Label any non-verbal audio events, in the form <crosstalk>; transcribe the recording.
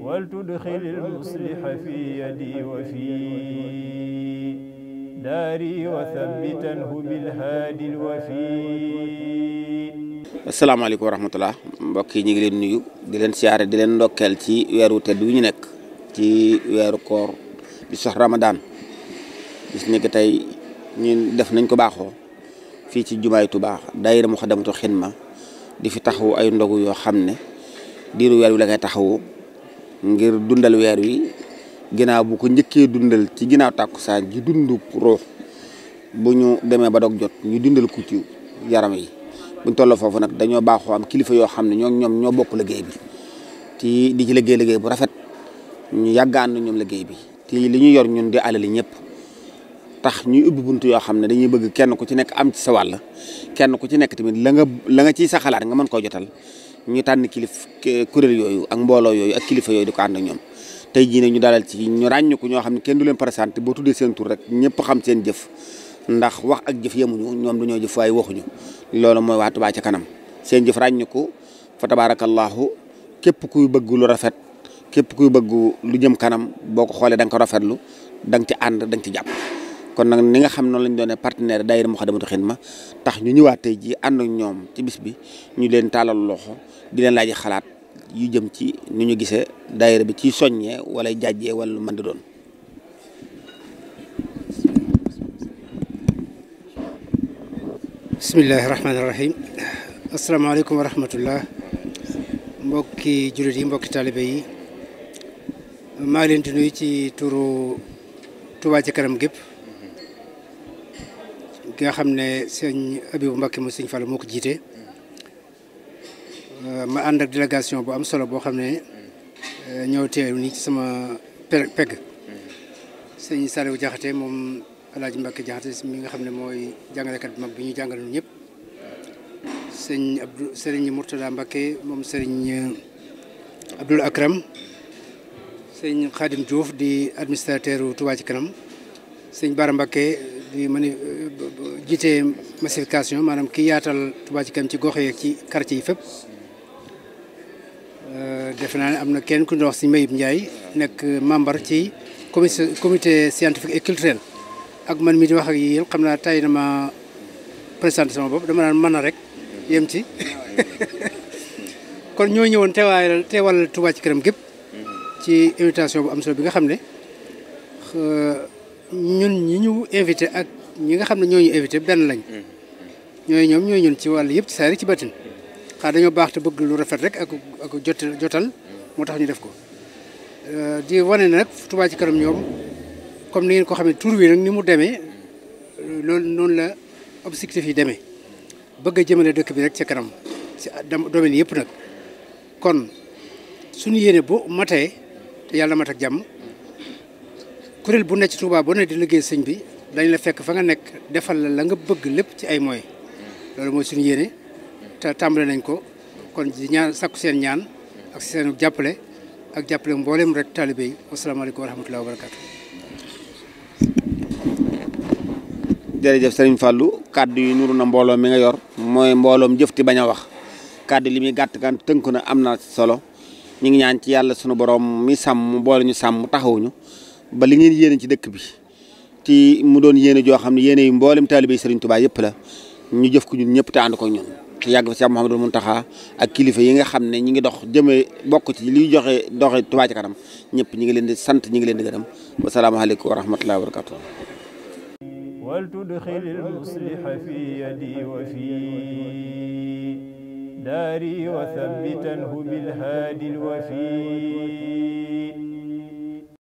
ولتدخل المصلح في يدي وفي داري وثبته بالهادي الوفي asalaamaaleykum wa rahmatulah mbokk yi ñu ngi leen nuyu di leen siyaare di leen ndokkeel ci weeru tedd wi ñu nekk ci weeru koor bi sax Ramadan bis nekk tey ñun def nañ ko baaxoo fii ci jumaay Tuubaa daayira Muxaddamatul Xidma di fi taxawu ay ndogu yoo xam ne diiru weer wi la koy taxawu. ngir dundal weer wi ginnaaw bu ko njëkkee dundal ci ginnaaw tàkkusaan ji dund ruux bu ñu demee ba dog jot ñu dundal ko ci yaram yi buñ tolloo foofu nag dañoo baaxoo am kilifa yoo xam ne ñoo ñoom ñoo bokk liggéey bi ci di ci liggéey bu rafet ñu yàgg ànd ñoom liggéey bi te li ñu yor ñun di yi ñëpp tax ñu ubbi bunt yoo xam ne dañuy bëgg kenn ku ci nekk am ci sa wàll kenn ku ci nekk tamit la nga la nga ciy sa xalaat nga mën koo jotal ñu tànn kilif kuréel yooyu ak mbooloo yooyu ak kilifa yooyu di ko ànd ñoom tey jii ne ñu dalal ci ñu ràññ ñoo xam ne kenn du leen présenté boo tuddee seen tur rek ñëpp xam seen jëf ndax wax ak jëf yemuñu ñoom dañoo jëf waaye waxuñu loolu mooy waa Touba ca kanam seen jëf ràññ ko fa tabaarakallaahu képp kuy bëgg rafet képp kuy bëgg lu jëm kanam boo ko xoolee da ko rafetlu da ànd da ci jàpp kon nag ni nga xam noonu lañ doone partenaire daayira Moukhaddamatoul Khidma tax ñu ñëwaat tey jii ànd ak ñoom ci bis bi ñu leen tàllal loxo di leen laaj xalaat yu jëm ci ni ñu gisee daayira bi ci soññee wala jàjjee wala lu mën di doon. bismillahi rahmaani rahim asalaamaaleykum wa rahmatullah mbokki jullit yi mbokki taalibe yi maa ngi leen di ci turu Touba ci kanam gépp ki nga xam ne sëñ Abibu Mbàkke mu sëñ Fallu moo ko jiite Euh, ma ànd ak délégation bu am solo boo xam ne euh, ñëw teew nii ci sama pegg sëñ Saliou Diakhaté moom El Hadj Mbacke Diakhaté mi nga xam ne mooy jàngalekat bu mag bi ñu jàngale ñëpp sëñ Abdou sëriñ Mourtada Mbacke moom sëriñ euh, Abdoul Akram sëñ Khadim Diouf di administrateur Touba ci kanam sëñ Bara Mbacke di mani jiite massification maanaam ki yaatal Touba ci kanam ci gox yi fépp. Euh, defe naa ne am na kenn ku ñuy wax si Mayib Ndiaye nekk membre ci comité comité scientifique et culturel ak man mi di wax ak yéen xam naa tay na ma présenté sama bopp dama naan man na rek yem ci <laughs> kon ñoo ñëwoon teewaayal teewal Touba ci këram gépp ci invitation bu am solo bi nga xam ne euh, ñun ñi ñu invité ak ñi nga xam ne ñoo ñu invité benn lañ mm-hmm. ñooy ñoom ñooy ñun ci wàll yëpp ci saari ci batin xanaa dañoo baax te bëgg lu rafet rek ak ak jot jotal moo tax ñu def ko euh, di wane nag Touba ci kanam ñoom comme ni ngeen ko xam ne tur wi nag ni mu demee loolu euh, noonu la objectif yi demee bëgg a jëmane dëkk bi rek ci kanam ci domaine yëpp nag kon suñu yéene bu matee te yàlla mat ak jàmm kuréel bu nekk ci Touba boo ne di liggéey sëñ bi dañ la fekk fa nga nekk defal la la nga bëgg lépp ci ay moyens loolu mooy suñu yéene tàmbale nañ ko kon di ñaan sakku seen ñaan ak seen jàppale ak jàppale mboolem rek taalibe yi wasalaamaaleykum wa rahmatulah wa barakaatu. jërëjëf Serigne Fallou yi nuru na mbooloo mi nga yor mooy mbooloom jëf ti bañ a wax kaddu li muy gàtt kan tënku na am na solo ñu ngi ñaan ci yàlla sunu borom mi sàmm boole ñu sàmm taxawuñu ba li ngeen yéene ci dëkk bi ti mu doon yéene joo xam ne yéene yu mboolem taalibe yi Serigne Touba yëpp la ñu jëf ko ñun ñëpp ànd ko ñun. yàgg fa Cheikh Mouhamadou Mountakha ak kilifa yi nga xam ne ñi ngi dox jëmee bokk ci liy joxe doxe ka Ca Kanam ñëpp ñi ngi leen di sant ñi ngi leen di gërëm wasalaamaaleykum wa rahmatullahi wa barakatuh wal tudxilil musliha fi fi daari wa